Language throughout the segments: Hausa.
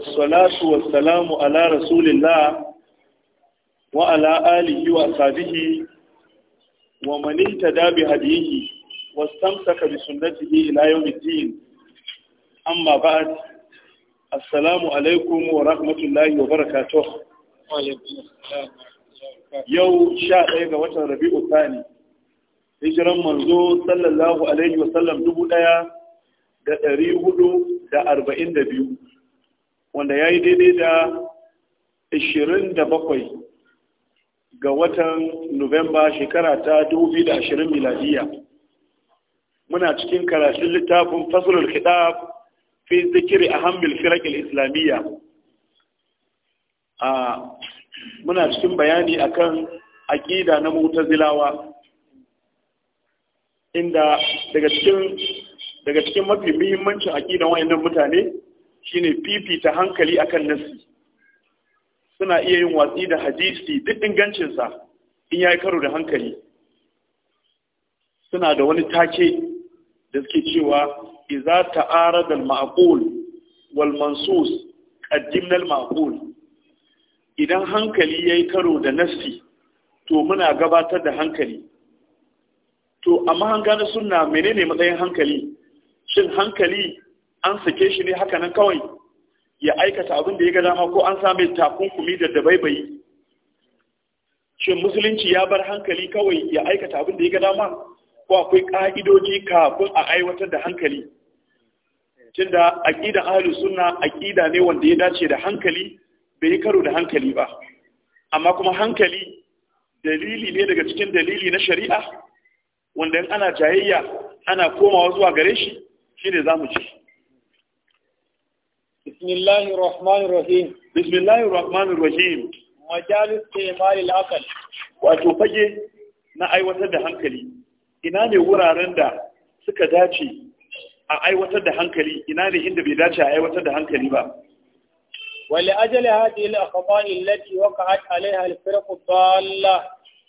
wasalatu wasalamu ala rasulillah wa ala alihi wa sahbihi wa man ihtada bi hadihi wastamsaka bi sunnatihi ila yawmiddin amma ba'd assalamu alaikum wa rahmatullahi wa barakatuh yau sha ɗaya ga watan rabi'u thani hijiran manzo sallallahu alaihi wa sallam dubu ɗaya da ɗari hudu da arba'in da biyu wanda ya yi daidai da 27 ga watan Nuwamba shekara ta 2020 miladiya. Muna cikin karatun littafin fasulul kitab fi zikiri a hamil firakil islamiyya. Muna cikin bayani akan aƙida na zilawa, inda daga cikin mafi muhimmancin aƙidan wayannan mutane shine fifita hankali akan nasi suna iya yin watsi da hadisi duk ingancinsa in ya yi karo da hankali suna da wani take da suke cewa iza ta'arada al-ma'qul wal mansus qaddimna al idan hankali yayi karo da nassi to muna gabatar da hankali to amma an na sunna menene matsayin hankali shin hankali an sake shi ne haka nan kawai ya aikata abin da ya ga dama ko an same takunkumi da dabaibayi shin musulunci ya bar hankali kawai ya aikata abin da ya ga dama ko akwai ka'idoji kafin a aiwatar da hankali tunda aƙidan ahlus suna aƙida ne wanda ya dace da hankali bai karo da hankali ba amma kuma hankali dalili ne daga cikin dalili na shari'a wanda ana jayayya ana komawa zuwa gare shi Shi ne za mu ci bismillahir rahmanir rahim bismillahir rahmanir rahim majalis istimalil aqal wato fage na aiwatar da hankali ina ne wuraren da suka dace a aiwatar da hankali ina ne inda bai dace a aiwatar da hankali ba wali ajali hadi al akhbari allati waqa'at alaiha al firq dalla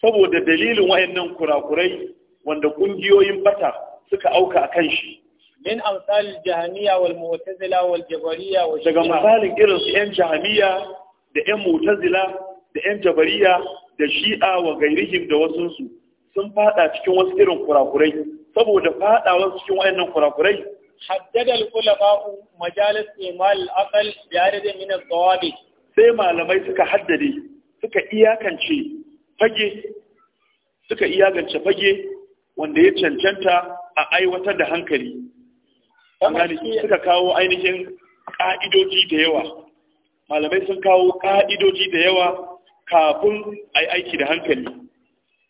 saboda dalilin wayannan kurakurai wanda kungiyoyin bata suka auka akan shi min amsal jahamiya wal mu'tazila wal jabariya daga misalin yan jahamiya da yan mu'tazila da yan jabariya da shi'a wa gairihim da wasu sun faɗa cikin wasu irin kurakurai saboda fadawa cikin wayannan kurakurai حدد العلماء مجالس إيمال الأقل بعدد من الضوابط sai malamai suka haddade suka iyakance fage wanda ya cancanta a aiwatar da hankali suka kawo ainihin ka'idoji da yawa malamai sun kawo ka'idoji da yawa kafin a yi aiki da hankali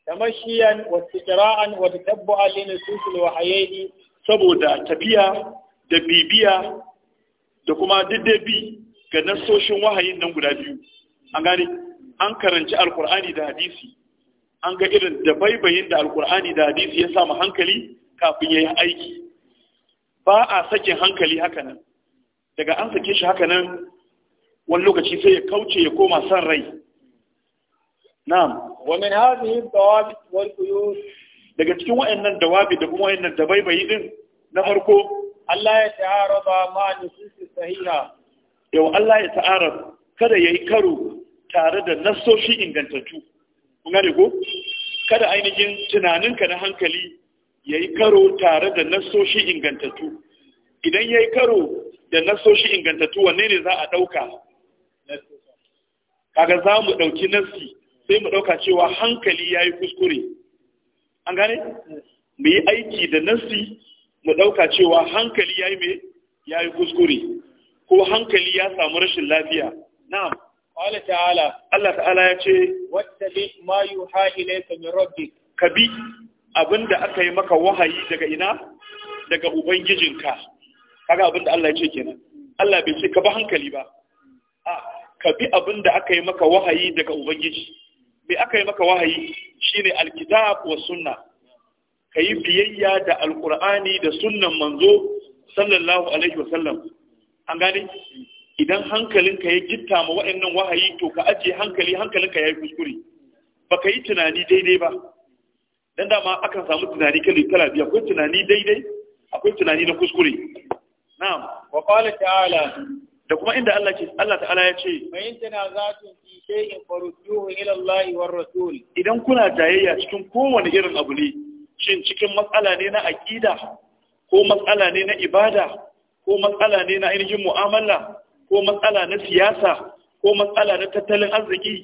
tamashiyan wasu kira'an wata tabbu alini susul wahayayi saboda tafiya da bibiya da kuma daddabi ga nasoshin wahayin nan guda biyu an gani an karanci alkur'ani da hadisi an ga irin da baibayin da alkur'ani da hadisi ya samu hankali kafin ya yi aiki ba a sakin hankali hakanan daga an sake shi hakanan wani lokaci sai ya kauce ya koma san rai na'am wa min hadhihi wal quyus daga cikin wayannan dawabi da kuma wayannan dabaibayi din na farko Allah ya ta'arada ma nusus sahiha yau Allah ya ta'arada kada yayi karo tare da nassoshi ingantattu kuma rigo kada ainihin tunaninka na hankali ya yi karo tare da nasoshi ingantattu idan ya yi karo da nasoshi ingantattu wanne ne za a ɗauka kaga za mu ɗauki nasi sai mu ɗauka cewa hankali ya yi kuskure an gane mu yi aiki da nasi mu ɗauka cewa hankali ya yi mai ya yi kuskure ko hankali ya samu rashin lafiya na'am qala ta'ala Allah ta'ala ya ce wattabi ma yuha ilayka min rabbik kabi Abin da aka yi maka wahayi daga ina daga ubangijinka kaga da Allah ya ce kenan Allah bai ce ka ba hankali ba a ka bi abin da aka yi maka wahayi daga ubangiji me aka yi maka wahayi shine alkitab wa sunna kayi biyayya da alqur'ani da sunnan manzo sallallahu alaihi wa sallam an gane idan hankalinka ya gitta ma wa'annan wahayi to ka ajiye hankali hankalinka ya yi kuskure ba ka yi tunani daidai ba dan dama akan samu tunani kalli kala biyu akwai tunani daidai akwai tunani na kuskure na'am wa qala ta'ala da kuma inda Allah ke Allah ta'ala ya ce fa in tanazatun fi shay'in farudduhu ila Allah wa rasul idan kuna jayayya cikin kowane irin abu ne shin cikin matsala ne na aqida ko matsala ne na ibada ko matsala ne na ainihin mu'amala ko matsala na siyasa ko matsala na tattalin arziki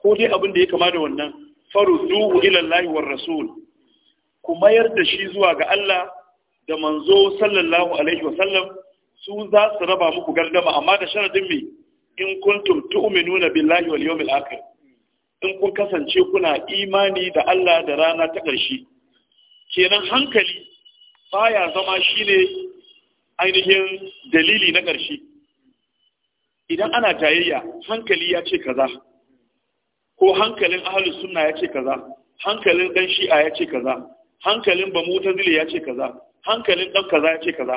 ko dai abin da ya kama da wannan farudu ila Allah wa rasul ku mayar da shi zuwa ga Allah da manzo sallallahu alaihi wasallam su za su raba muku gardama amma da sharadin me in kuntum tu'minuna billahi wal yawmil akhir in kun kasance kuna imani da Allah da rana ta ƙarshe kenan hankali baya zama shine ainihin dalili na ƙarshe idan ana tayayya hankali ya ce kaza ko hankalin ahalus sunna ya ce kaza hankalin dan shi'a ya ce kaza hankalin bamutazili ya ce kaza hankalin dan kaza ya ce kaza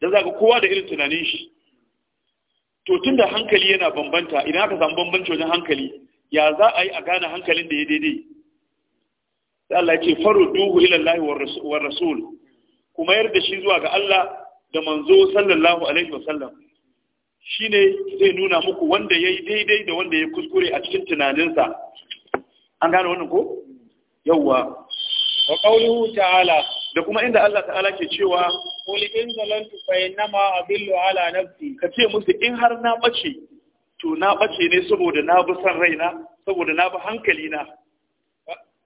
dan zaka kowa da irin tunanin shi to tunda hankali yana bambanta idan aka samu bambanci wajen hankali ya za a yi a gane hankalin da ya daidai da Allah ya ce duhu, ila Allah wa rasul kuma yarda shi zuwa ga Allah da manzo sallallahu alaihi wasallam shine zai nuna muku wanda ya yi daidai da wanda ya kuskure a cikin tunaninsa an gane wannan ko yawwa wa qawluhu ta'ala da kuma inda Allah ta'ala ke cewa qul in zalantu fa innama adillu ala nafsi kace musu in har na bace to na bace ne saboda na bi san raina saboda na bi hankali na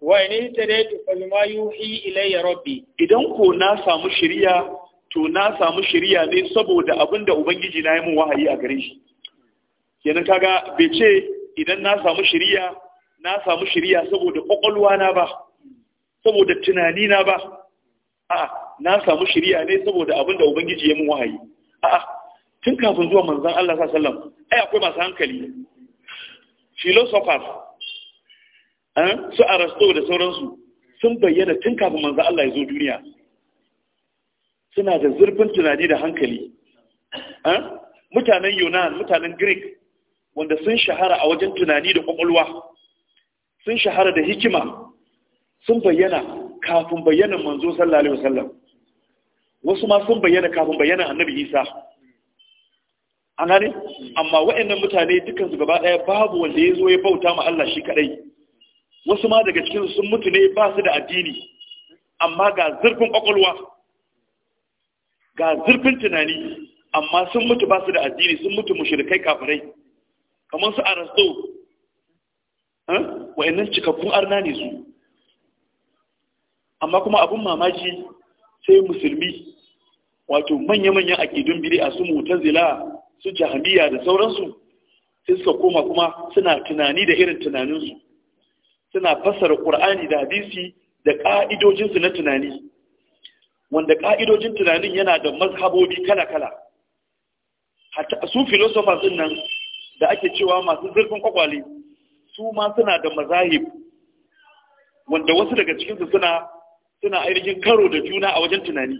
wa in tadaitu fa bima yuhi ilayya rabbi idan ko na samu shiriya to na samu shirya ne saboda abin da ubangiji na yi mun wahayi a gare shi kenan kaga bai ce idan na samu shirya na samu shirya saboda kwakwalwa na ba saboda tunani na ba a na samu shirya ne saboda abin da ubangiji ya mun wahayi a tun kafin zuwa manzon Allah sallallahu alaihi wasallam ai akwai masu hankali philosophers eh, su Aristotle da sauransu sun bayyana tun kafin manzan Allah ya zo duniya suna da zurfin tunani da hankali mutanen yunan mutanen greek wanda sun shahara a wajen tunani da kwakwalwa sun shahara da hikima sun bayyana kafin bayyana manzo sallallahu alaihi wasallam wasu ma sun bayyana kafin bayyana annabi isa an gane amma wa'annan mutane su gaba ɗaya babu wanda ya zo ya bauta ma Allah shi kaɗai wasu ma daga cikin sun mutu ne ba su da addini amma ga zurfin kwakwalwa ga zurfin tunani amma sun mutu ba su da addini sun mutu mushrikai kafirai kamar su arasto wa'annan cikakkun arna ne su amma kuma abin mamaki sai musulmi wato manya-manyan akidun biri a su mutazila su jahamiya da sauransu sai suka koma kuma suna tunani da irin tunaninsu suna fassara ƙur'ani da hadisi da ƙa'idojinsu na tunani wanda ka'idojin tunanin yana da mazhabobi kala-kala hatta su filosofa din nan da ake cewa masu zurfin kwakwale su ma suna da mazahib wanda wasu daga cikinsu suna suna ainihin karo da juna a wajen tunani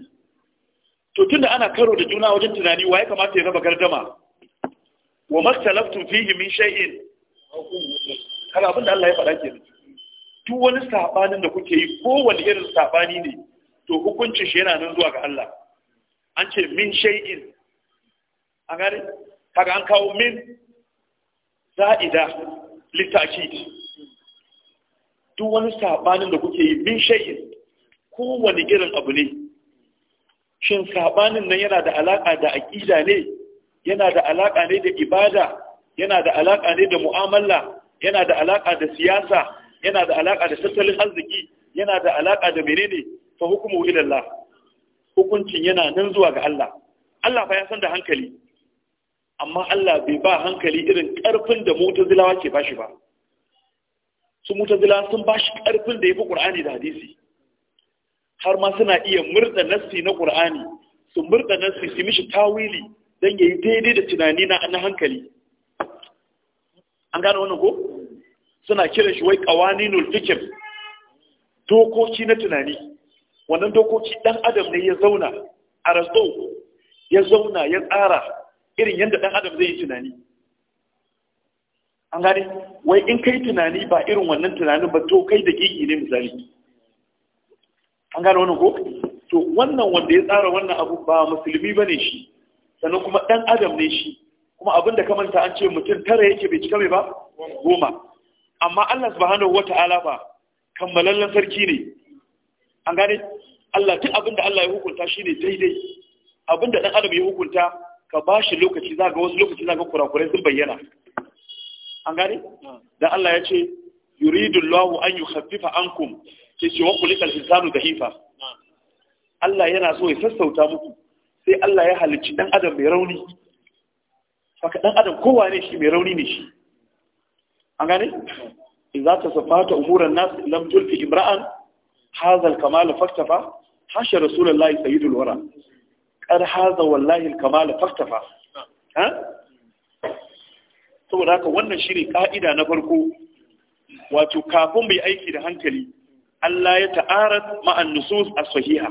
to tunda ana karo da juna a wajen tunani wa ya kamata ya raba gardama wa maktalaftun fihi min shay'in kaga abin da Allah ya faɗa kenan duk wani sabanin da kuke yi kowane irin sabani ne to hukuncin shi yana nan zuwa ga Allah an ce min shay'in an gane kaga an kawo min za'ida litakid duk wani sabanin da kuke yi min shay'in kowane irin abu ne shin sabanin nan yana da alaka da aqida ne yana da alaka ne da ibada yana da alaka ne da mu'amala yana da alaka da siyasa yana da alaka da tattalin arziki yana da alaka da menene fa hukumu ila Allah hukuncin yana nan zuwa ga Allah Allah fa ya san da hankali amma Allah bai ba hankali irin karfin da mutazilawa ke bashi ba su mutazilawa sun bashi karfin da yafi Qur'ani da hadisi har ma suna iya murda nassi na Qur'ani su murda nassi su mishi tawili dan yayi daidai da tunani na na hankali an gano wannan ko suna kiran shi wai qawaninul fikr dokoki na tunani wannan dokoki dan adam ne ya zauna a rasto ya zauna ya tsara irin yadda dan adam zai yi tunani an gane wai in kai tunani ba irin wannan tunanin ba to kai da gigi ne misali an gane wannan ko to wannan wanda ya tsara wannan abu ba musulmi ba ne shi sannan kuma dan adam ne shi kuma abin da kamanta an ce mutum tara yake bai cika mai ba goma amma Allah subhanahu ta'ala ba kammalallen sarki ne an gane Allah duk abin da Allah ya hukunta shi ne daidai abin da ɗan adam ya hukunta ka ba shi lokaci za ga wasu lokaci za ga kurakurai sun bayyana an gane da Allah ya ce yuridu Allahu an yukhaffifa ankum ke ce wa kulikal insanu dahifa Allah yana so ya sassauta muku sai Allah ya halicci dan adam mai rauni haka dan adam kowa ne shi mai rauni ne shi an gane ta safata umuran nas lam tulfi imra'an hazal kamal faktafa hasha rasulullahi sayyidul wara qad haza wallahi kamal faktafa ha saboda haka wannan shine ƙa'ida na farko wato kafin bai aiki da hankali Allah ya ta'arad ma'an nusus as-sahiha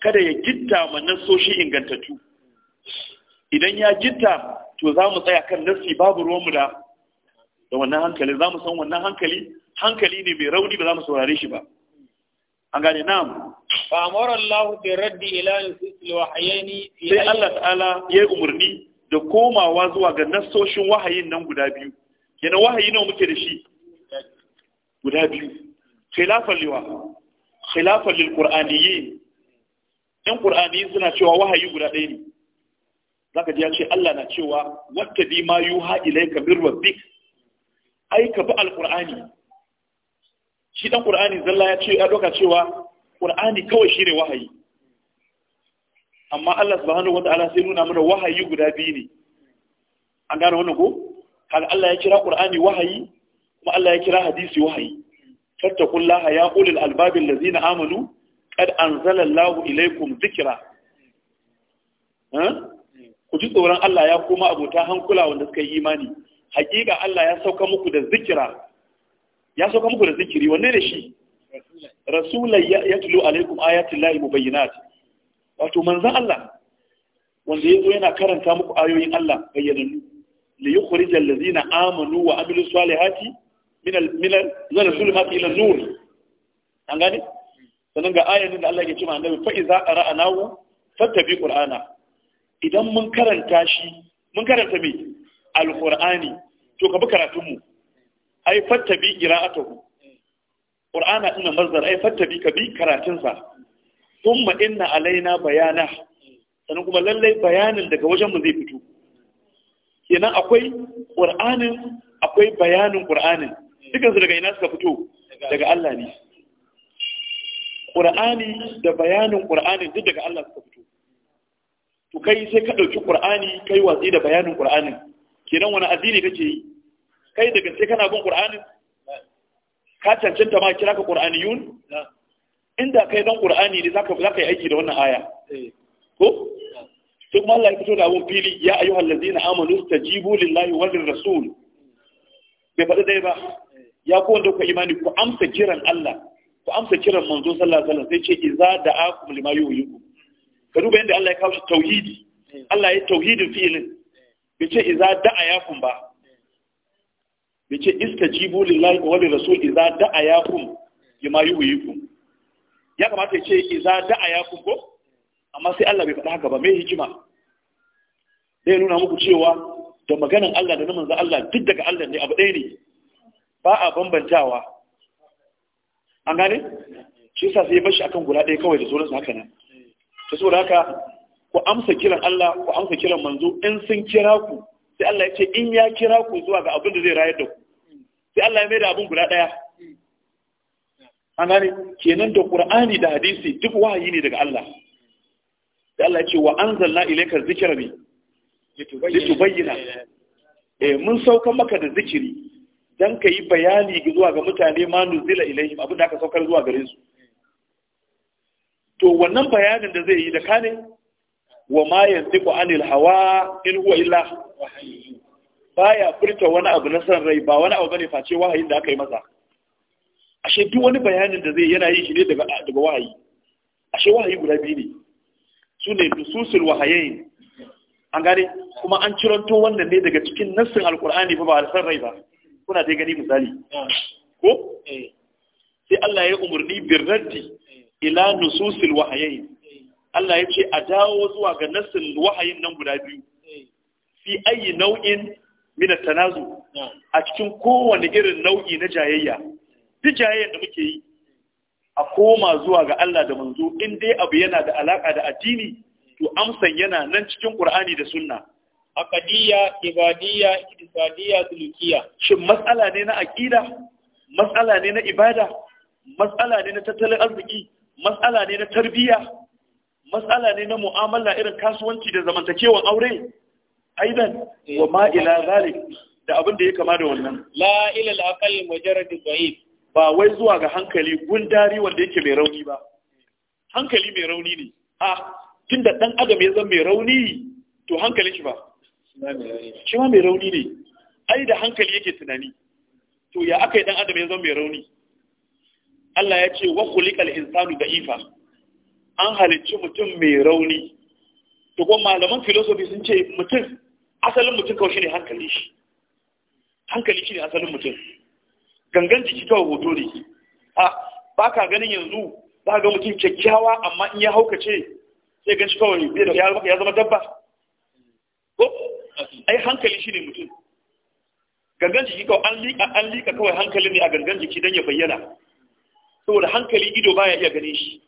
kada ya gitta ma nasoshi ingantattu idan ya gitta to za mu tsaya kan nasi babu ruwanmu da da wannan hankali za mu san wannan hankali hankali ne mai rauni ba za mu saurare shi ba an gane na'am fa amara Allah bi raddi ila nusul wahayaini sai Allah ta'ala ya umarni da komawa zuwa ga nasoshin wahayin nan guda biyu yana wahayi nawa muke da shi guda biyu khilafan liwa khilafan lil qur'aniyyin in qur'aniyyin suna cewa wahayi guda ɗaya ne zaka ji ya ce Allah na cewa wattabi ma yuha ilayka mir rabbik ai ka bi alqur'ani shi dan qur'ani zalla ya ce ya doka cewa qur'ani kawai shine ne wahayi amma Allah subhanahu wataala sai nuna mana wahayi guda biyu ne an gane wannan ko kaga Allah ya kira qur'ani wahayi kuma Allah ya kira hadisi wahayi fattaqullaha ya ulul albab allazina amanu qad anzala Allahu ilaykum dhikra ku ji tsoron Allah ya koma abota hankula wanda suka yi imani hakika Allah ya sauka muku da zikira ya sauka muku da zikiri wanne ne shi rasulai ya tulo alaikum ayatin lahi mubayyinat wato manzan Allah wanda ya yana karanta muku ayoyin Allah bayyanannu li yukhrij allazina amanu wa amilu salihati min al min al zulmati ila nur an gane sanan ga ayatin da Allah ya ce ma annabi fa iza qara'nahu fattabi qur'ana idan mun karanta shi mun karanta me alqur'ani to ka bi karatun mu ai fattabi qira'atuhu qur'ana inna mazdar ai fattabi ka bi karatun sa thumma inna alaina bayana sannan kuma lallai bayanin daga wajen mu zai fito kenan akwai qur'anin akwai bayanin qur'anin dukan su daga ina suka fito daga Allah ne qur'ani da bayanin qur'ani duk daga Allah suka fito to kai sai ka dauki qur'ani kai watsi da bayanin qur'anin kenan wani addini kake yi kai da gaske kana bin qur'ani ka cancanta ma kira ka qur'aniyun inda kai dan qur'ani ne zaka zaka yi aiki da wannan aya eh. ko to kuma Allah ya fito da abun fili ya ayyuhal ladina amanu stajibu lillahi wal rasul bai faɗi dai ba ya ko wanda ku imani ku amsa kiran Allah ku amsa kiran manzo sallallahu alaihi wasallam sai ce iza da'akum lima yuhyikum ka duba yadda Allah ya kawo tauhidi eh. Allah ya tauhidin filin eh. bai ce iza da'a ba Yace ce iska jibu lillahi wa wani rasul iza da'a ya kun bima yuhyikum ya kamata ya ce iza da'a ya kun ko amma sai Allah bai faɗa haka ba mai hikima zai nuna muku cewa da maganan Allah da na manzo Allah duk daga Allah ne abu ɗaya ne ba a bambantawa an gane shi sa sai ya bar akan guda ɗaya kawai da sauransu haka nan to saboda haka ku amsa kiran Allah ku amsa kiran manzo in sun kira ku sai Allah ya ce in ya kira ku zuwa ga abin da zai rayar da ku sai Allah ya mai da abin guda ɗaya kenan da Al-ƙur'ani da hadisi duk wahayi ne daga Allah sai Allah ya ce wa anzalna ilayka dhikra bi bayyana. eh mun sauka maka da zikiri dan ka yi bayani zuwa ga mutane ma nuzila ilaihim abin da aka saukar zuwa gare su to wannan bayanin da zai yi da kane wa ma yantiqu anil hawa in huwa illa baya furta wani abu na san rai ba wani abu bane face wahayin da aka yi masa ashe duk wani bayanin da zai yana yi shi ne daga daga wahayi ashe wahayi guda biyu ne su ne dususul wahayayin an gane kuma an ciranto wannan ne daga cikin nassin alkur'ani ba ba san rai ba kuna dai gani misali ko eh. sai Allah ya umarni birraddi ila nususil wahayayin Allah ya ce a dawo zuwa ga nassin wahayin nan guda biyu eh. fi ayi nau'in min tanazu a cikin kowane irin nau'i na jayayya duk jayayyar da muke yi a koma zuwa ga Allah da manzo in dai abu yana da alaka da addini to amsan yana nan cikin Qur'ani da Sunna aqidiyya ibadiyya iktisadiyya sulukiyya shin matsala ne na aqida matsala ne na ibada matsala ne na tattalin arziki matsala ne na tarbiyya matsala ne na mu'amala irin kasuwanci da zamantakewan aure aidan eh. wa ma ila zalik da abin da ya kama da wannan la ila al-aqal mujarrad da'if ba wai zuwa ga hankali gundari wanda yake mai rauni ba hankali mai rauni ne a tunda dan adam ya zama mai rauni to hankali shi ba shi ma mai rauni ne ai da hankali yake tunani to ya aka yi dan adam ya zama mai rauni Allah ya ce wa khuliqal insanu Ifa. an halicci mutum mai rauni to kuma malaman filosofi sun ce mutum asalin mutum kawai shine hankali shi hankali shine asalin mutum gangan jiki kawai hoto ne a ba ka ganin yanzu ba ga mutum kyakkyawa amma in ya haukace sai gan shi kawai bai da ya zama dabba ko ai hankali shine mutum gangan jiki kawai an liƙa an kawai hankali ne a gangan jiki don ya bayyana saboda hankali ido baya iya ganin shi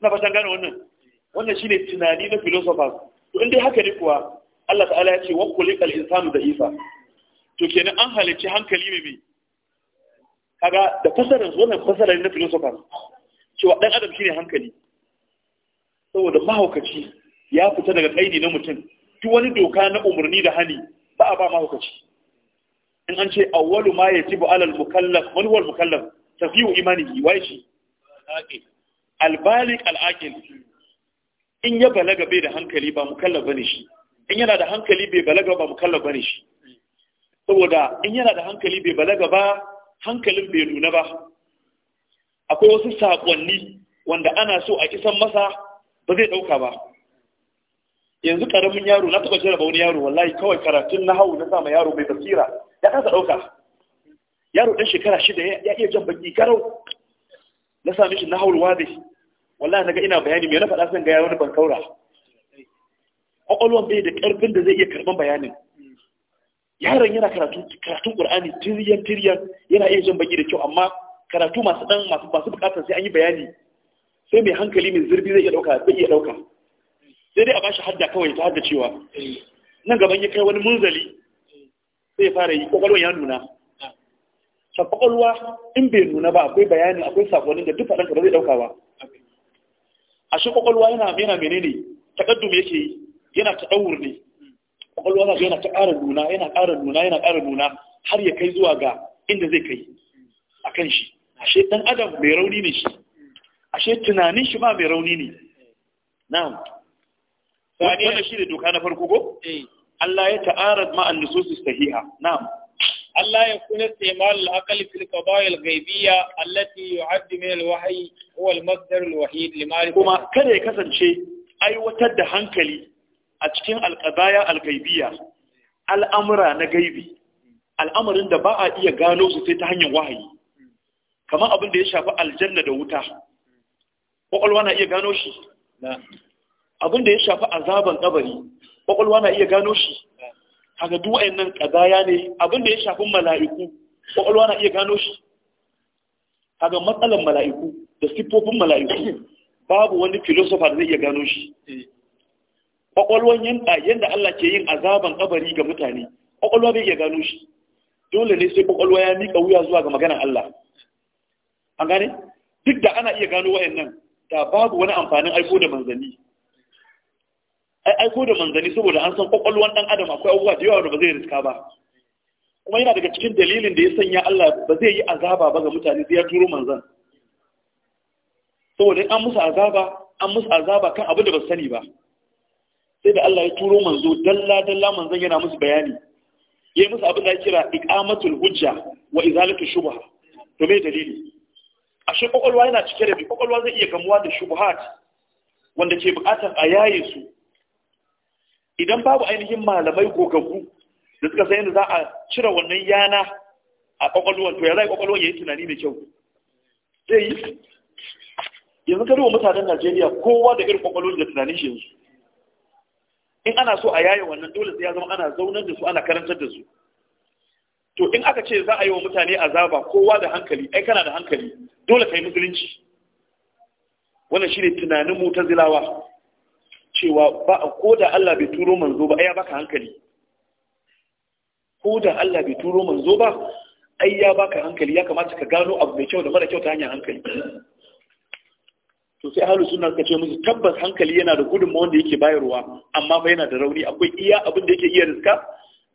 na fatan gane wannan wannan shine tunani na philosophers to in dai haka ne kuwa Allah ta'ala ya ce wa kulikal insanu da isa to kenan an halicci hankali mai mai kaga da fasarar wannan fasarar na philosophers cewa dan adam shine hankali saboda mahaukaci ya fita daga kaidi na mutum duk wani doka na umarni da hani ba a ba mahaukaci in an ce awwalu ma yajibu alal mukallaf man huwa al mukallaf tafiyu imanihi wai shi al baligh al aqil in ya balaga bai da hankali ba kalla bane shi in yana da hankali bai balaga ba kalla bane shi saboda in yana da hankali bai balaga ba hankalin bai nuna ba akwai wasu saƙonni wanda ana so a kisan masa ba zai ɗauka ba yanzu ƙaramin yaro na taɓa ba wani yaro wallahi kawai karatun na hau na sama yaro mai basira ya kasa ɗauka yaro ɗan shekara shida ya iya jan baki karau na sami shi na haul wade wallahi naga ina bayani me na faɗa san ga wani barkaura kaura bai da ƙarfin da zai iya karɓan bayanin yaron yana karatu karatun qur'ani tiriyan tiriyan yana iya jin baki da kyau amma karatu masu dan masu masu bukatar sai an yi bayani sai mai hankali mai zurfi zai iya dauka zai iya dauka sai dai a bashi hadda kawai ta hadda cewa nan gaban ya kai wani munzali sai ya fara yi kwakwalwan ya nuna ta ƙwaƙwalwa in bai nuna ba akwai bayanin akwai sakonin da duk faɗan ka ba zai ɗauka ba Ashe kwakwalwa yana yana menene takaddum yake yi yana taɗawur ne kwakwalwa na yana ta ƙara nuna yana ƙara nuna yana ƙara nuna har ya kai zuwa ga inda zai kai a kan shi ashe ɗan adam mai rauni ne shi ashe tunanin shi ba mai rauni ne na'am wannan shi ne doka na farko ko eh. Allah ya ta'arad ma'an nususi sahiha na'am Allah ya kuna istimal al-aqal fil qadaya al-ghaibiyya allati yu'addi min al-wahyi huwa al-masdar al-wahid li kuma kada ya kasance aiwatar da hankali a cikin al-qadaya al al'amura na gaibi al'amarin da ba a iya gano su sai ta hanyar wahayi kamar abin da ya shafi aljanna da wuta kokolwa na iya gano shi abin da ya shafi azaban kabari kokolwa na iya gano shi haka duwayen nan kazaya ne abin da ya shafi mala'iku kokolwa na iya gano shi haka matsalan mala'iku da siffofin mala'iku babu wani filosofa da zai iya gano shi eh. kwakwalwan yanda yanda Allah ke yin azaban kabari ga mutane kwakwalwa bai iya gano shi dole ne sai kwakwalwa ya mika wuya zuwa ga maganar Allah an gane duk da ana iya gano wayannan da babu wani amfanin aiko da manzanni ai aiko da manzanni saboda an san kwakwalwan dan adam akwai abubuwa da yawa da ba zai riska ba kuma yana daga cikin dalilin da ya sanya Allah ba zai yi azaba ba ga mutane sai ya turo manzan saboda an musu azaba an musu azaba kan abin da ba sani ba sai da Allah ya turo manzo dalla dalla manzon yana musu bayani yayi musu abin da ya kira iqamatul hujja wa izalatu shubha to me dalili ashe kokolwa yana cike da kokolwa zai iya kamuwa da shubhat wanda ke bukatar a yaye su idan babu ainihin malamai gogaggu da suka san yadda za a cire wannan yana a kokolwa to ya zai ya yayi tunani mai kyau zai yanzu ka mutanen Najeriya kowa da irin kwakwalwar da tunanin shi yanzu in ana so a yaye wannan dole sai ya zama ana zaunar da su ana karantar da su to in aka ce za a yi wa mutane azaba kowa da hankali ai kana da hankali dole kai musulunci wannan shine tunanin mu ta zilawa cewa ba ko da Allah bai turo manzo ba ai ya baka hankali ko da Allah bai turo manzo ba ai ya baka hankali ya kamata ka gano abu mai kyau da mara kyau ta hanyar hankali to sai ahlus sunna suka ce musu tabbas hankali yana da gudunmawar da yake bayarwa amma fa yana da rauni akwai iya abin da yake iya riska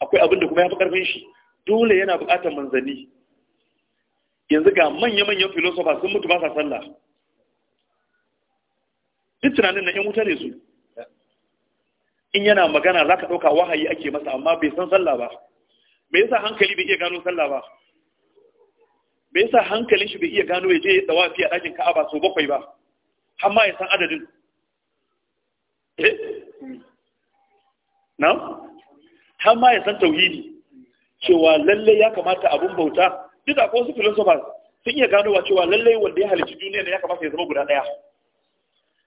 akwai abin da kuma ya fi karfin shi dole yana buƙatar manzanni yanzu ga manya-manyan filosofa sun mutu ba sa sallah duk tunanin na 'yan wuta ne su in yana magana za ka ɗauka wahayi ake masa amma bai san sallah ba me yasa hankali bai iya gano sallah ba me yasa hankalin shi bai iya gano ya je ya dawafi a ɗakin ka'aba sau bakwai ba har ya san adadin eh? na har ya san tauhidi cewa lalle ya kamata abun bauta duk akwai wasu philosophers sun iya ganowa cewa lalle wanda ya halicci duniya ne ya kamata ya zama guda daya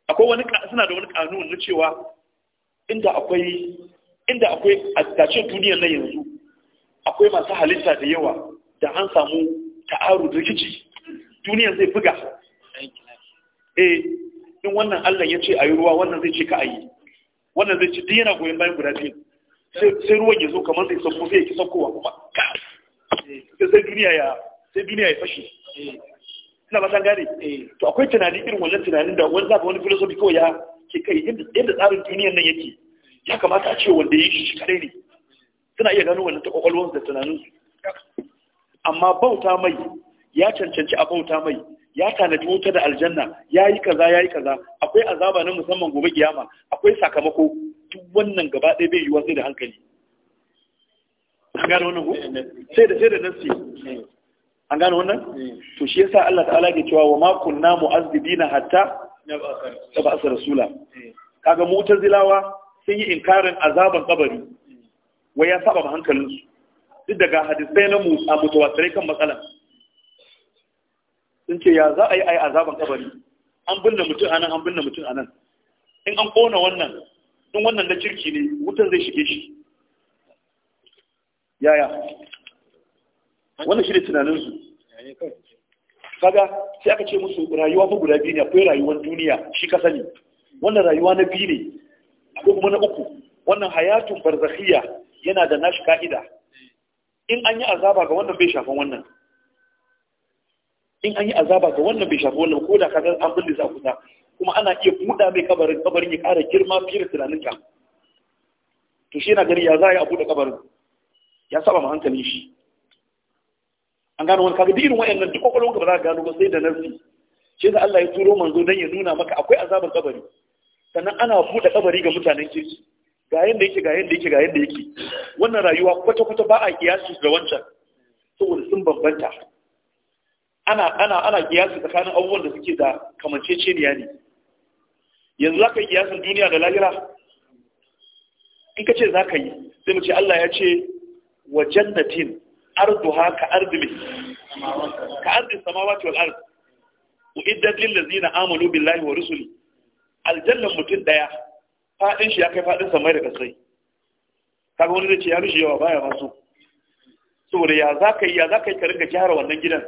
akwai wani suna da wani kanun na cewa inda akwai inda akwai attacin duniyar na yanzu akwai masu halitta da yawa da an samu ta'aru da rikici duniyar zai buga eh in wannan Allah ya ce a yi ruwa wannan zai ce ka ayi wannan zai ce duk yana goyon bayan guda biyu sai ruwan ya zo kamar zai sauko zai ki saukowa kuma sai duniya ya sai duniya ya fashe ina ba san gane to akwai tunani irin wannan tunanin da wani zaka wani philosophy kawai ya ke kai yadda tsarin duniyar nan yake ya kamata a ce wanda ya yi shi kadai ne suna iya gano wannan ta kwakwalwarsu da tunaninsu amma bauta mai ya cancanci a bauta mai ya tanadi wuta da aljanna ya yi kaza ya yi kaza akwai azaba na musamman gobe kiyama akwai sakamako duk wannan gaba ɗaya bai yiwuwa sai da hankali an gane wannan ko sai da sai da nasi an gano wannan to shi yasa Allah ta'ala ke cewa wa ma kunna mu'azzibina hatta nab'asa rasula kaga mu'tazilawa sun yi inkarin azaban kabari Wa ya saba hankalinsu duk daga hadisai na mutawatirai kan matsalan sun ce ya za a yi a yi azaban kabari an binne mutum anan an binne mutum anan in an kona wannan in wannan na kirki ne wutan zai shige shi yaya wannan shi ne tunaninsu kaga sai aka ce musu rayuwa fa guda biyu ne akwai rayuwar duniya shi ka sani wannan rayuwa na biyu ne akwai kuma na uku wannan hayatun barzakhiyya yana da nashi ka'ida in an yi azaba ga wannan bai shafan wannan in an yi azaba ga wannan bai shafi wannan ko da ka ga an bulle sa kusa kuma ana iya buɗa mai kabarin kabarin ya ƙara girma fiye da tunaninka to shi yana gari ya za a yi a buɗe kabarin ya saba ma hankalin shi an gano wani kaga wayan nan duk kwakwalwar ba za ka gano ba sai da nasi shi da Allah ya turo manzo dan ya nuna maka akwai azabar kabari sannan ana buɗe kabari ga mutanen kirki ga yanda yake ga yanda yake ga yanda yake wannan rayuwa kwata kwata ba a kiyasi da wancan saboda sun bambanta ana ana ana kiyasi tsakanin abubuwan da suke da kamanceceniya ne yanzu za ka yi kiyasin duniya da lahira in ka ce za ka yi sai mu ce Allah ya ce wa jannatin arduha ka ardi ka ardi samawati wal ard uiddat lil ladzina amanu billahi wa rusuli aljannan mutum daya fadin shi ya kai fadin samai da kasai kaga wani zai ce ya rushe yawa baya masu saboda ya za ka yi ya za ka yi ka rinka gyara wannan gidan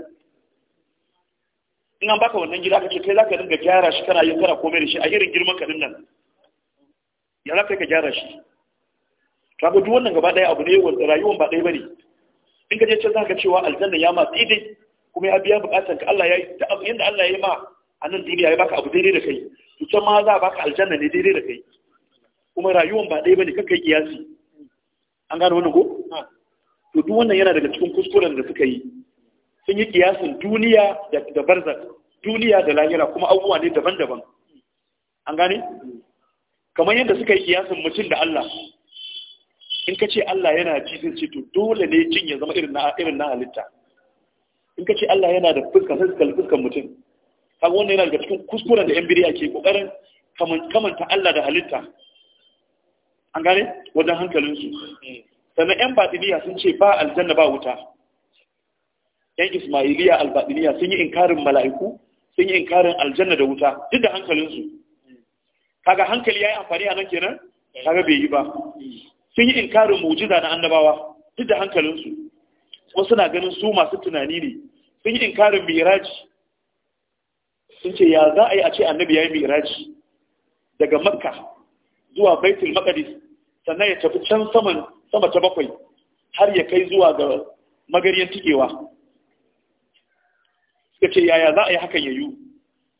in an baka wannan gida kace kai zaka dinga gyara shi kana yin kana komai da shi a irin girman ka nan ya zaka ka gyara shi to abu duk wannan gaba daya abu ne wanda rayuwar ba dai bane in ka je can zaka cewa aljanna ya ma tsidi kuma ya biya bukatun ka Allah ya yi ta abu yanda Allah ya yi ma a nan duniya ya baka abu daidai da kai to can ma za baka aljanna ne daidai da kai kuma rayuwar ba dai bane kanka kiyasi an gano wannan ko to duk wannan yana daga cikin kuskuren da suka yi sun yi kiyasin duniya da barzak duniya da lahira kuma abubuwa ne daban-daban an gane kamar yadda suka yi kiyasin mutum da Allah in ka ce Allah yana ji sai ce to dole ne jin ya zama irin na irin na halitta in ka ce Allah yana da fuska sai fuskan mutum kaga wannan yana daga cikin kuskuren da yan biriya ke kokarin kamanta Allah da halitta an gane wajen hankalinsu mm. sannan yan batiniya sun ce ba aljanna ba wuta yan ismailiya albaɗiniya sun yi inkarin mala'iku sun yi inkarin aljanna da wuta duk da hankalinsu kaga hankali ya yi amfani a nan kenan kaga bai yi ba sun yi inkarin mujiza na annabawa duk da hankalinsu kuma suna ganin su masu tunani ne sun yi inkarin miraji sun ce ya za a yi a ce annabi ya yi miraji daga makka zuwa baitul maqdis sannan ya tafi can saman sama ta bakwai har ya kai zuwa ga magariyar tikewa ya ce yaya za a yi hakan yayu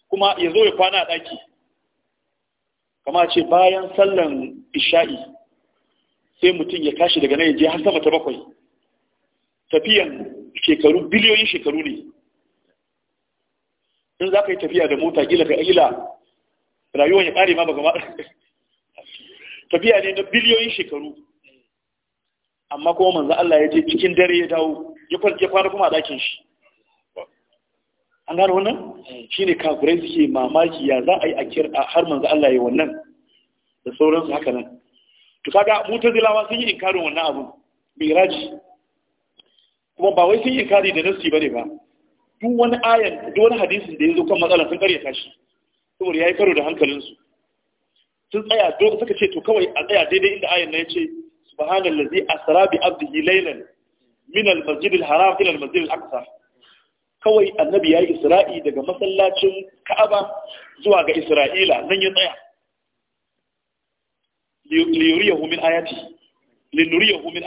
kuma ya zo ya kwana a ɗaki kama ce bayan sallan isha'i sai mutum ya tashi daga nan ya je har sama ta bakwai tafiyan shekaru biliyoyin shekaru ne in za ka yi tafiya da mota gila ka gila rayuwar ya ƙare ma ba gama tafiya ne na biliyoyin shekaru amma kuma manzo Allah ya je cikin dare ya dawo ya kwana kuma a ɗakin shi an gano wannan eh. Shi ne kafirai suke mamaki ya za a yi a har manzo Allah ya wannan da sauransu haka nan to kaga mutazilawa sun yi inkarin wannan abun miraji kuma ba wai sun yi inkari da nasu bane ba duk wani ayan duk wani hadisin da ya zo kan matsalar sun karyata shi saboda yayi karo da hankalinsu sun tsaya do suka ce to kawai a tsaya daidai inda ayan nan yace subhanallazi asra bi abdihi laylan min al-masjid al-haram ila al-masjid al-aqsa kawai annabi ya yi isra'i daga masallacin ka'aba zuwa ga isra'ila nan ya tsaya liyuriya humin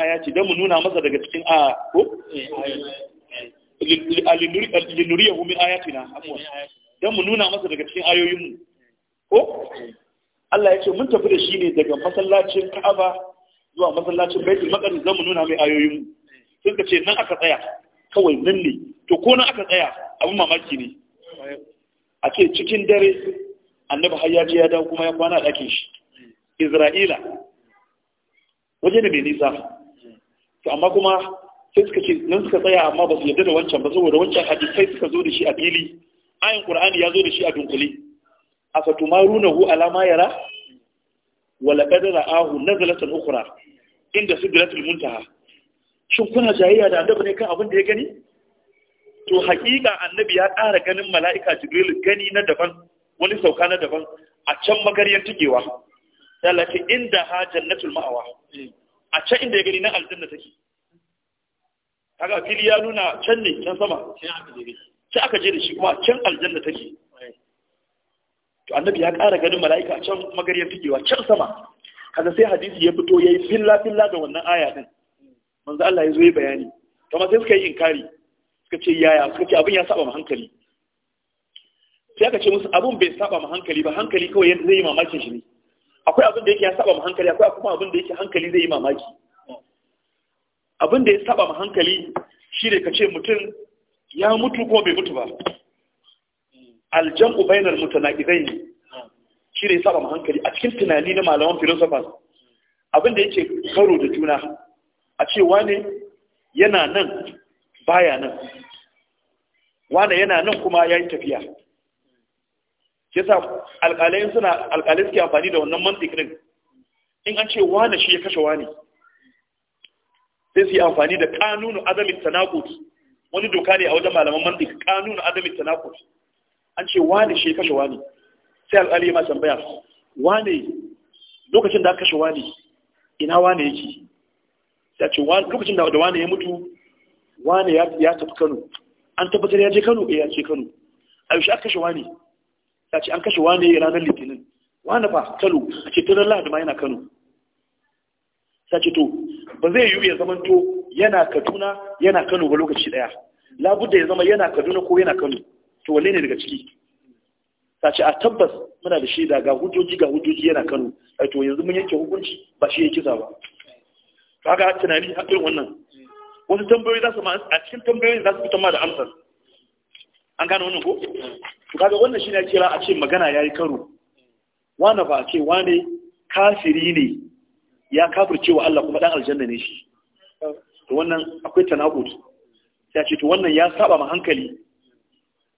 ayati don mu nuna masa daga cikin a ko linuriyahu min ayatina don mu nuna masa daga cikin ayoyinmu mu ko Allah ya ce mun tafi da shi ne daga masallacin ka'aba zuwa masallacin baitul maqdis zan mu nuna mai ayoyin mu sun ka ce nan aka tsaya kawai nan ne to ko nan aka tsaya abin mamaki ne a ce cikin dare annabi har ya ya dawo kuma ya kwana a ɗakin shi isra'ila waje ne mai nisa to amma kuma sai suka ce nan suka tsaya amma ba su yarda da wancan ba saboda wancan hadisai suka zo da shi a fili ayin qur'ani ya zo da shi a dunkule afatumarunahu ala ma yara wala qad ra'ahu nazlatan ukhra inda sidratul muntaha shin kuna jayayya da annabi ne kan abin da ya gani to haƙiƙa annabi ya ƙara ganin mala'ika jibril gani na daban wani sauka na daban a can magariyar tugewa lalace inda ha jannatul ma'awa a can inda ya gani na aljanna take kaga fili ya nuna can ne can sama sai aka je da shi kuma can aljanna take to annabi ya ƙara ganin mala'ika a can magariyar tugewa can sama kaga sai hadisi ya fito yayi filla filla da wannan aya din manzo Allah ya zo yi bayani ma sai suka yi inkari suka ce yaya suka ce abin ya saba ma hankali sai aka ce musu abin bai saba ma hankali ba hankali kawai yadda zai yi mamakin shi ne akwai abin da yake ya saba ma hankali akwai kuma abin da yake hankali zai yi mamaki abin da ya saba ma hankali shi ne ka ce mutum ya mutu ko bai mutu ba aljamu bainal mutanaqidai shi ne saba ma hankali a cikin tunani na malaman philosophers abin da yake karo da juna a ce wane yana nan baya nan wane yana nan kuma ya yi tafiya yasa alƙalai suna alƙalai suke amfani da wannan mantik in an ce wane shi ya kashe wane sai su yi amfani da kanunu azamin tanakut wani doka ne a wajen malaman mantik kanunu azamin tanakut an ce wane shi ya kashe wane sai alƙalai ma tambaya wane lokacin da aka kashe wane ina wane yake sai ce lokacin da wani ya mutu wani ya tafi Kano an tabbatar ya je Kano eh, ya ce Kano a shi aka kashe wani ya ce an kashe wani ranar Litinin wani ba Kano a ce tunan Lahadi ma yana Kano ta ce to ba zai yiwu ya zamanto yana Kaduna yana Kano ba lokaci daya labudda ya zama yana Kaduna ko yana Kano to wanne ne daga ciki ta ce a tabbas muna da shaida ga hujjoji ga hujjoji yana kano to yanzu mun yanke hukunci ba shi ya kisa ba kaga tunani a irin wannan wasu tambayoyi za su ma a cikin tambayoyin za su fitar ma da amsar an gane wannan ko to kaga wannan shine ake kira a ce magana yayi karo wani ba a ce wane kafiri ne ya kafirce wa Allah kuma dan aljanna ne shi to wannan akwai tanakut ya ce to wannan ya saba ma hankali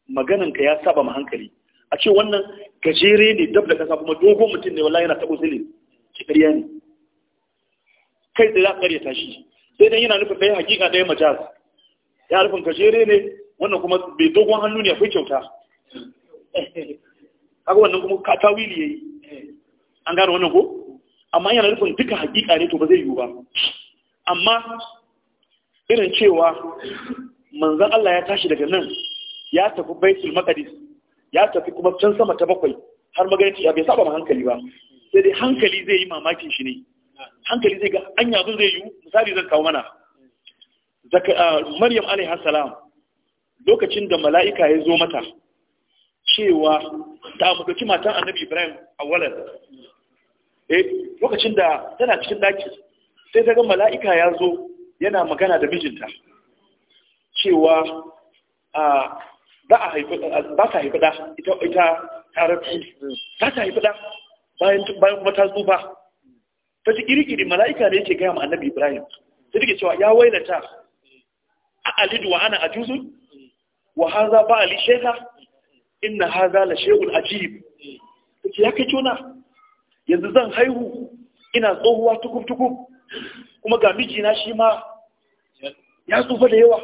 maganan ka ya saba ma hankali a ce wannan gajere ne dab da kasa kuma dogon mutum ne wallahi yana tabo sile ki ƙarya ne kai tsaye za a karyata shi sai dan yana nufin ɗaya hakika ɗaya majaz ya rufin kashere ne wannan kuma bai dogon hannu ne akwai kyauta haka wannan kuma katawili yayi an gane wannan ko amma yana nufin duka hakika ne to ba zai yiwu ba amma irin cewa manzon Allah ya tashi daga nan ya tafi baitul maqdis ya tafi kuma can sama ta bakwai har magana ya bai saba ma hankali ba sai dai hankali zai yi mamakin shi ne hankali zai ga hanya yabu zai yi misali zai kawo mana ah, maryam alaihi salam lokacin da mala'ika ya zo mata cewa ta amurki matan annabi ibrahim a walar eh, lokacin da tana cikin daki sai ta ga mala'ika ya zo yana magana da mijinta cewa ah, ba a ba ta haifi da ita ba ta haifi da bayan bayan mata tsufa ta ji kirkiri mala'ika ne yake gaya ma annabi ibrahim sai dike cewa ya wailata a alidu wa ana ajuzun wa haza ba ali shekha inna haza la shay'un ta take ya kai na yanzu zan haihu ina tsohuwa tukub tukub kuma ga mijina shi ma ya tsufa da yawa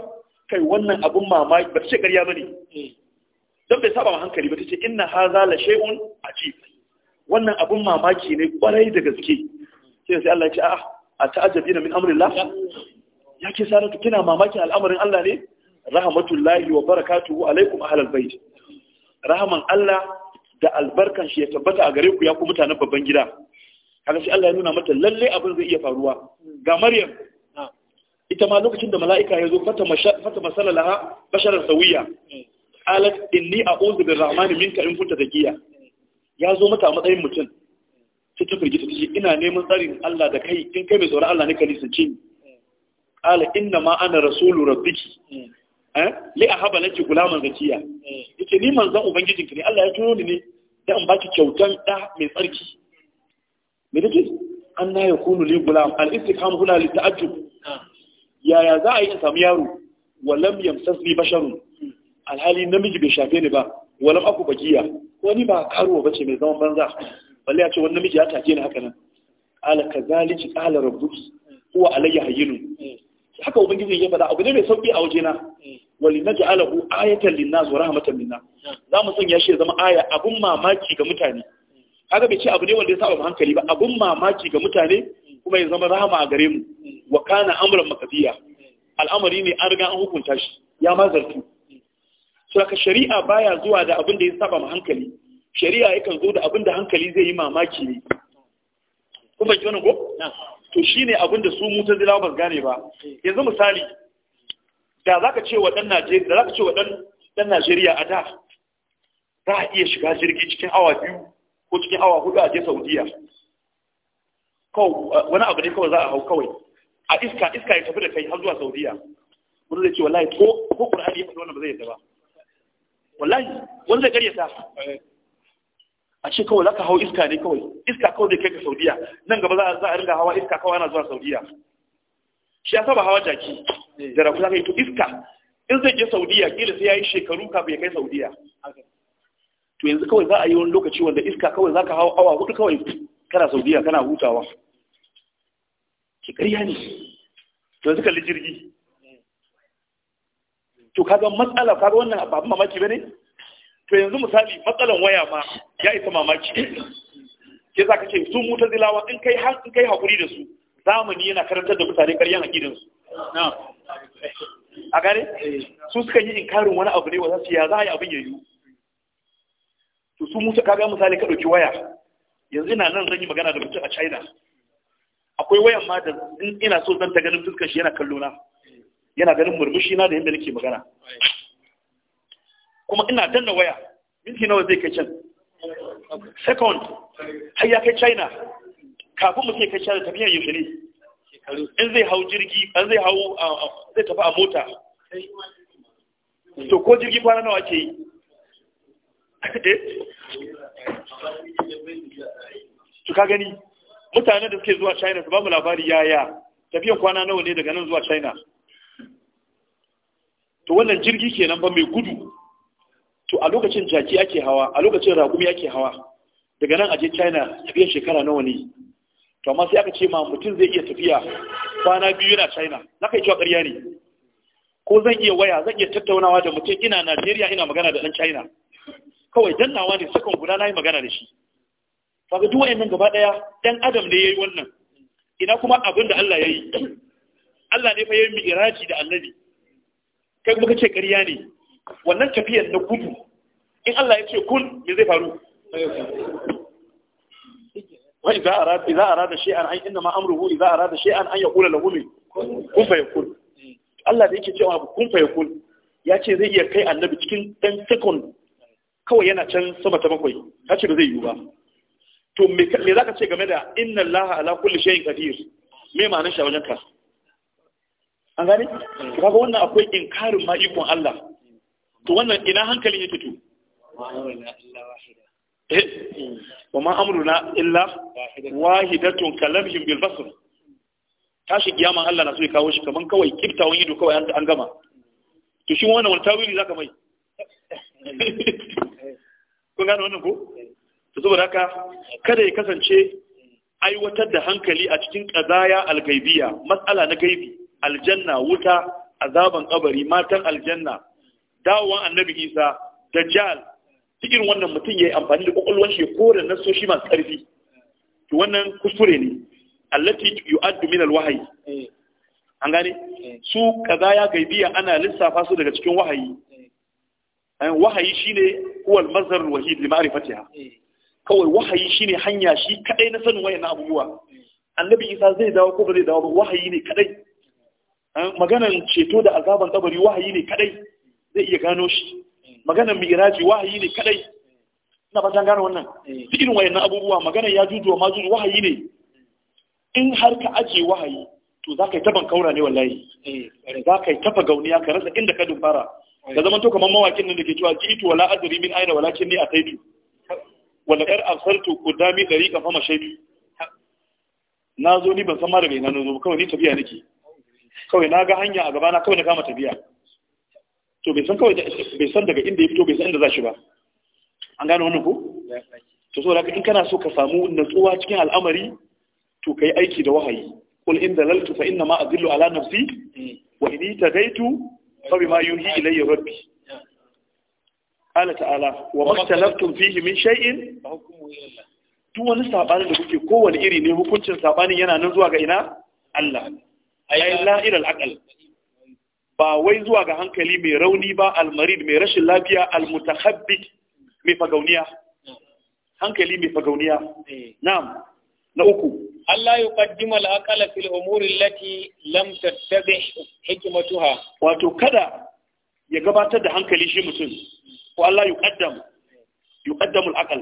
kai wannan abin mamaki ba ta ce ƙarya ba ne don bai saba hankali ba ta ce inna haza la a ajib wannan abin mamaki ne kwarai da gaske sai sai Allah ya ce a'a a ta'ajabina min amrillah ya ke saratu kina mamakin al'amarin Allah ne rahmatullahi wa barakatuhu alaikum ahlal bait rahaman Allah da albarkan shi ya tabbata a gare ku ya ku mutanen babban gida haka sai Allah ya nuna mata lalle abin zai iya faruwa ga Maryam ita ma lokacin da mala'ika ya zo fata fata masalalaha basharar sawiya alat inni a'udhu birrahmani minka in kunta taqiya ya zo mata a matsayin mutum ta ta firgita ina neman tsarin Allah da kai in kai mai tsoron Allah ne ka lisance ni qala inna ma ana rasulu rabbiki eh li ahaba laki gulaman zakiya yace ni manzon ubangijin ki ne Allah ya turo ni ne dan in baki kyautan da mai tsarki me take anna yakunu li gulam al istikam huna li ta'ajjub yaya za a yi samu yaro walam yamsasni basharun alhali namiji bai shafe ni ba walam aku bakiya ni ba karuwa bace mai zaman banza balle ya ce wani namiji ya taje ni haka nan ala kazalika ala rabbuki huwa alayya hayyinun haka ubangiji ya faɗa abu ne mai sauki a waje na wali naj'alahu ayatan linnas wa rahmatan minna za mu sanya shi zama aya abun mamaki ga mutane kaga bai ce abu ne wanda ya saba hankali ba abun mamaki ga mutane kuma ya zama rahama a gare mu wa kana amran makadiya al'amari ne an riga an hukunta shi ya ma zartu Saka shari'a baya zuwa da abin da ya saba ma hankali shari'a yakan zo da abin da hankali zai yi mamaki ne kun fahimci wannan ko to shine abin da su mutazilawa ba gane ba yanzu misali da zaka ce wa dan Najeriya da zaka ce wa dan dan Najeriya a da za a iya shiga jirgi cikin awa biyu ko cikin awa hudu a je Saudiya ko uh, wani abu ne kawai za a hau kawai a iska iska ya tafi da kai har zuwa Saudiya wani zai ce wallahi ko ko Qur'ani ya faɗi wannan ba zai yadda ba wallahi wani zai karyata eh. a ce kawai zaka hau iska ne kawai iska kawai da kai ka saudiya nan gaba za a za ringa hawa iska kawai ana zuwa saudiya shi ya saba hawa jaki da rafi za ka yi to iska in zai je saudiya kila sai ya yi shekaru kafin ya kai saudiya to yanzu kawai za a yi wani lokaci wanda iska kawai za ka hau awa hudu kawai kana saudiya kana hutawa ki ƙarya ne to yanzu kalli jirgi to kaga matsala kaga wannan ba mamaki ba ne to yanzu misali matsalan waya ma ya isa mamaki ke za ka ce su mutar zilawa in kai haƙuri da su zamani yana karantar da mutane ƙaryan aqidan su a gane su suka yi inkarin wani abu ne wa zasu ya za a yi abin yayu to su musa kaga misali ka ɗauki waya yanzu ina nan zan yi magana da mutum a China akwai wayan ma da ina so zan ta ganin fuskar shi yana kallo na yana ganin murmushi na da yadda nake magana kuma ina danna waya minti nawa zai kai can second har ya kai china kafin mutum ya kai china tafiya yaushe ne in zai hau jirgi an zai hau zai tafi a mota to ko jirgi kwana nawa ke yi eh? to ka gani mutane da suke zuwa china su ba mu labari yaya tafiyan kwana nawa ne daga nan zuwa china to wannan jirgi kenan ba mai gudu to a lokacin jaki ake hawa a lokacin raƙumi ake hawa daga nan aje china tafiyar shekara nawa ne to amma sai aka ce ma mutum zai iya tafiya kwana biyu yana china na kai cewa ƙarya ne ko zan iya waya zan iya tattaunawa da mutum ina najeriya ina magana da ɗan china kawai dan nawa ne sukan guda na yi magana da shi kaga duk nan gaba ɗaya dan adam ne yayi wannan ina kuma abin da Allah ya yi. Allah ne fa yayi mi'raji da annabi kai kuma kace ƙarya ne wannan tafiyar na gudu in Allah ya ce kun me zai faru wa idza arada idza arada shay'an ay inma amruhu idza arada shay'an an yaqula lahu kun fayakun Allah da yake cewa abu kun fayakun ya ce zai iya kai annabi cikin ɗan sekon kawai yana can sama ta bakwai ya ce ba zai yiwu ba to me za ka ce game da inna Laha ala kulli shay'in qadir me ma'anar shi a wajen ka an gane kaga wannan akwai inkarin ma ikon Allah to wannan ina hankalin yake to eh, wa ma amruna illa wahidatun kalamhim bil basr tashi kiyama Allah na so ya kawo shi kaman kawai kiftawan ido kawai an gama to shi wannan wani tawili zaka mai kun gane wannan ko to saboda haka kada ya kasance aiwatar da hankali a cikin qadaya al matsala na gaibi aljanna wuta azaban kabari matan aljanna dawowan annabi isa dajjal cikin wannan mutum ya yi amfani da kwakwalwar shi ya kore shi masu ƙarfi to wannan kuskure ne allati yu'addu min alwahyi eh. an gane eh. su kaza ya gaibiya ana lissafa su daga cikin wahayi eh. wahayi shine huwal mazhar alwahid li ma'rifatiha kawai wahayi shine hanya shi kadai na sanin wayannan abubuwa annabi isa zai dawo ko ba zai dawo ba wahayi ne kadai maganan ceto da azaban kabari wahayi ne kadai zai iya gano shi maganar mi'raji wahayi ne kadai ina ba gano wannan duk irin wayannan abubuwa maganar ya juju ma juju wahayi ne in har ka aje wahayi to za ka yi taban kaura ne wallahi za ka yi tafa gauniya ka rasa inda ka dubara da zaman to kamar mawakin nan da ke cewa jitu wala adri min aina walakin ni ataitu wala kar absartu qudami dariqa fa mashaitu na zo ni ban san ma daga ina na zo kawai ni tafiya nake kawai na ga hanya a gaba na kawai na kama tafiya to bai san kawai bai san daga inda ya fito bai san inda za shi ba an gano wannan ko to so in kana so ka samu natsuwa cikin al'amari to kai aiki da wahayi qul in dalaltu fa inna ma adillu ala nafsi hmm. wa in tadaitu fa bima yuhi ilayya rabbi qala ta'ala wa ma talaftum fihi min shay'in duk wani sabanin da kuke kowane iri ne hukuncin sabanin yana nan zuwa ga ina Allah ayi ila al-aqal ba wai zuwa ga hankali mai rauni ba almarid mai rashin lafiya almutahabbi mai fagauniya hankali mai fagauniya eh. na'am na uku Allah ya qaddima al fil umuri allati lam tattabi hikmatuha wato kada ya gabatar da hankali shi mutum ko Allah ya qaddam yuqaddamu al-aqal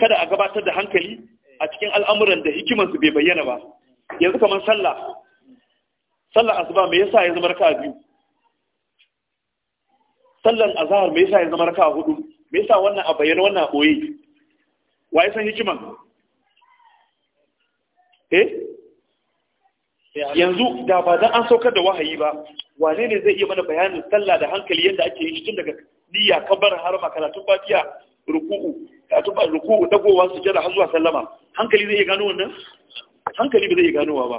kada a gabatar da hankali a cikin al'amuran da hikimansu bai bayyana ba yanzu kamar sallah sallah asuba me yasa ya zama raka'a biyu sallan azahar me yasa ya zama raka'a hudu me yasa wannan a bayyana wannan a boye wa ya san hikiman eh yanzu da ba dan an saukar da wahayi ba wane ne zai iya mana bayanin sallah da hankali yadda ake yi tun daga niyya kabar har makaratun fatiha ruku'u karatun ba ruku'u dagowa sujada har zuwa sallama hankali zai iya gano wannan hankali ba zai iya ganowa ba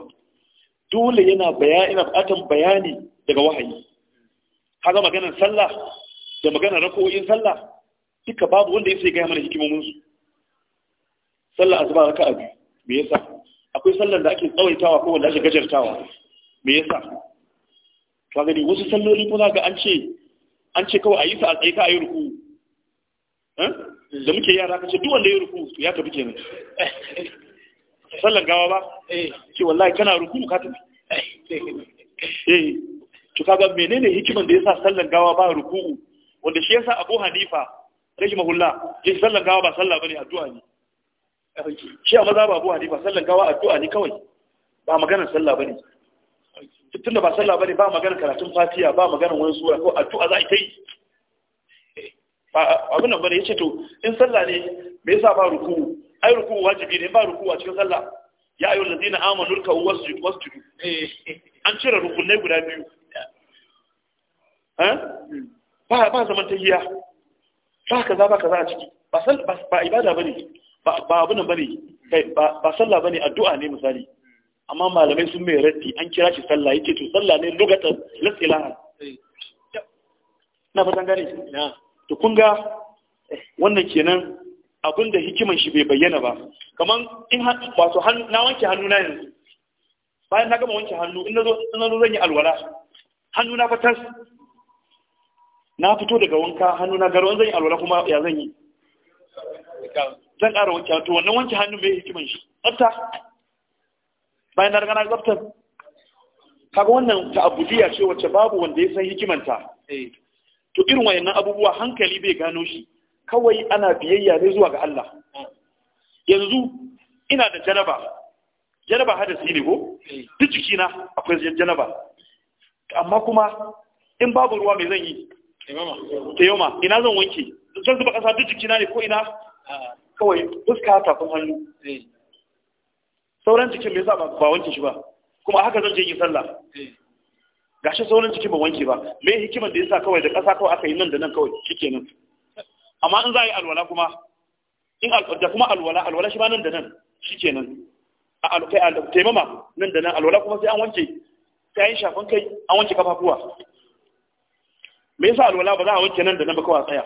dole yana bayani yana bayani daga wahayi kaga maganar sallah da maganar rakoyin sallah duka babu wanda yake gaya mana hikimomin su sallah azba raka'a biyu me yasa akwai sallar da ake tsawaitawa ko wanda ake gajartawa me yasa ka gani wasu salloli ko ga an ce an ce kawai a yi sa a tsaye ka ayi ruku eh? da muke yara ka ce duk wanda ya ruku ya tafi kenan sallar gawa ba ce eh. wallahi kana ruku ka tafi eh. to kaga menene hikiman da yasa sallan gawa ba ruku'u wanda shi yasa Abu Hanifa rahimahullah ya sallan gawa ba sallah bane addu'a ne shi a mazhab Abu Hanifa sallan gawa addu'a ne kawai ba maganar sallah bane tunda ba sallah bane ba maganar karatun Fatiha ba maganar wani sura ko addu'a za a yi abin nan bane yace to in sallah ne me yasa ba ruku'u ai ruku'u wajibi ne ba ruku'u a cikin sallah ya ayyuhallazina amanu rukuu wasjudu wasjudu eh. an cire rukunai guda biyu Eh? Hmm. ba ba zaman ya. ba kaza ba kaza a ciki ba ibada ba ne, ba ba nan ba ne. ba sallah ne, addu'a ne misali amma malamai sun mai raddi an kira shi sallah yake to sallah ne lugatan lasilaha eh. na fatan gane to kun ga wannan kenan abin da hikiman shi bai bayyana ba Kamar in wato na wanke hannu na yanzu bayan na gama wanke hannu in na zo zan yi alwala hannu na fatas na fito daga wanka hannu na garo zan yi alwala kuma ya zan yi zan ƙara wanke to wannan wanke hannu mai hikiman shi tsafta bayan na na tsaftar kaga wannan ta'abudiya ce wacce babu wanda ya san hikimanta eh. to irin wayannan abubuwa hankali bai gano shi kawai ana biyayya ne zuwa ga Allah ah. yanzu ina da janaba janaba hadasi ne ko eh. duk jikina akwai janaba amma kuma in babu ruwa mai zan yi Tayoma, ina zan wanke zan zuba ƙasa duk jikina ne ko ina kawai fuska tafin hannu eh. sauran jikin mai sa ba wanke shi ba kuma haka zan je yin sallah eh. gashi sauran jikin ba wanke ba me hikimar da yasa kawai da ƙasa kawai aka yi nan da nan kawai shikenan amma in za a yi alwala kuma in da kuma alwala alwala shi ba nan da nan shikenan a taimama nan da nan alwala kuma sai an wanke sai an shafan kai an wanke kafafuwa me yasa alwala ba za a wanke nan da nan ba kawai tsaya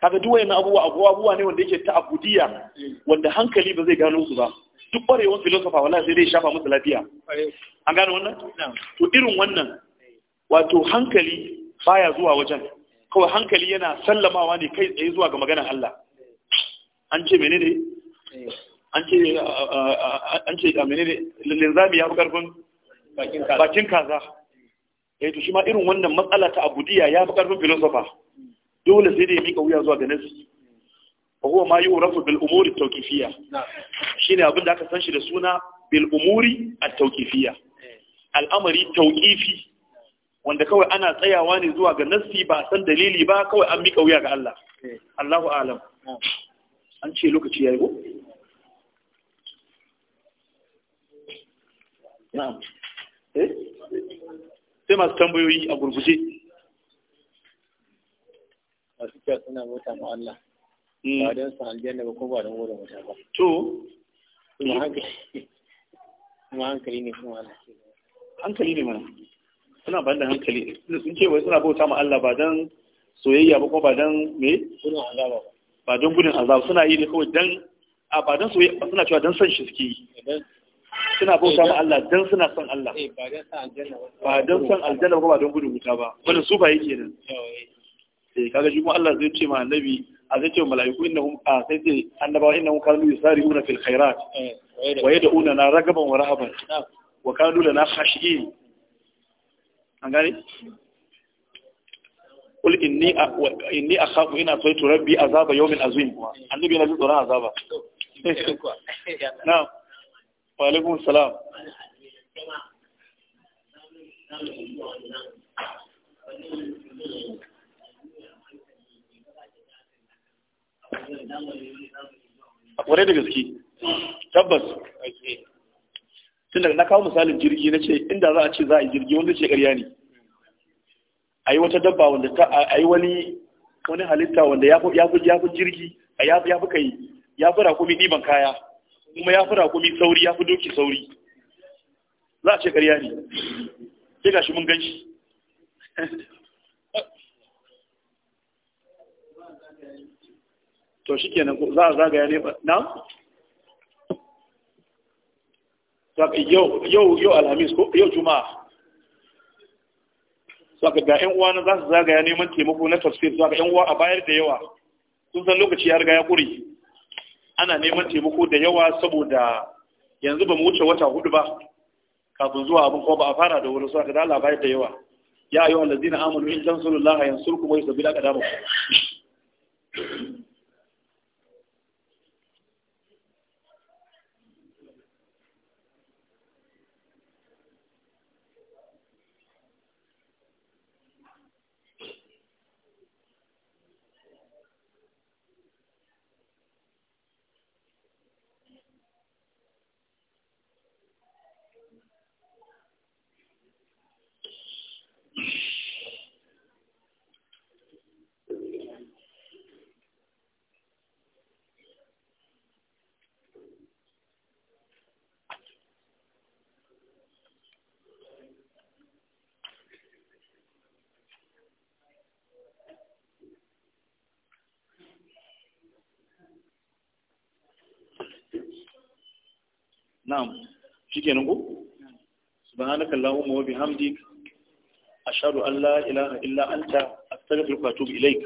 kaga duk wayannan abubuwa abubuwa ne wanda yake ta'abudiyya wanda hankali ba zai gano su ba duk ƙwarewar filosofa wala sai dai shafa musu lafiya an gano wannan to irin wannan wato hankali baya zuwa wajen kawai hankali yana sallamawa ne kai tsaye zuwa ga maganar Allah an ce menene an ce an ce menene linzami ya fi karfin bakin kaza eh to shima irin wannan matsala ta abudiya ya fi karfin filosofa dole sai da ya mika wuya zuwa ga nasi A huwa ma yu'rafu bil umuri at-tawqifiyya shine abin da aka san shi da suna bil'umuri a at-tawqifiyya al'amari tawqifi wanda kawai ana tsayawa ne zuwa ga nasi ba san dalili ba kawai an mika wuya ga Allah Allahu alam an ce lokaci ya yi ko na'am eh sai masu tambayoyi a gurguje masu kyau suna mota ma Allah hmm. ba don su aljanna ba kuma ba don gode mota ba to kuma hankali ne kuma Allah hankali ne mana suna ba da hankali sun ce wai suna bauta ma Allah ba don soyayya ba kuma ba don me gudun azaba ba don gudun azaba suna yi ne kawai don a ba don soyayya suna cewa don son shi suke yi suna bauta ma Allah dan suna son Allah eh, ba dan son aljanna ba don gudun wuta ba wannan su ba yake nan eh kaga shi kuma Allah zai ce ma annabi a zai ce wa mala'iku innahum a sai ce annabawa innahum kanu yusari'una fil khairat eh, wa yad'una na ragaban wa rahaban wa kanu lana khashi'in an gane kul inni inni akhafu ina saitu rabbi azaba yawmin azim annabi yana jin tsoron azaba na'am wa salam a kware da gaske tabbas tun daga na kawo misalin jirgi na ce inda za a ce za a yi jirgi wanda ce karya ne a yi wata dabba wanda ta a yi wani wani halitta wanda ya fi jirgi ya fi kai ya fi rakumi ɗiban kaya kuma ya fi raƙumi sauri ya fi doki sauri za a ce ƙarya ne sai ga shi mun gan shi to shi ke nan za a zagaya ne na? yau yau alhamis ko yau juma'a saka ga yan uwa na za su zagaya neman taimako na tafsir saka yan uwa a bayar da yawa sun san lokaci ya riga ya ƙuri ana neman taimako da yawa saboda yanzu ba mu wuce wata hudu ba kafin zuwa abin ko ba a fara da wuri saka da Allah da yawa ya ayyuhal ladzina amanu in tansurullaha yansurkum wa dama aqdamakum na'am shikenan ko subhanaka allahumma wa bihamdik ashhadu an la ilaha illa anta astaghfiruka wa atubu ilaik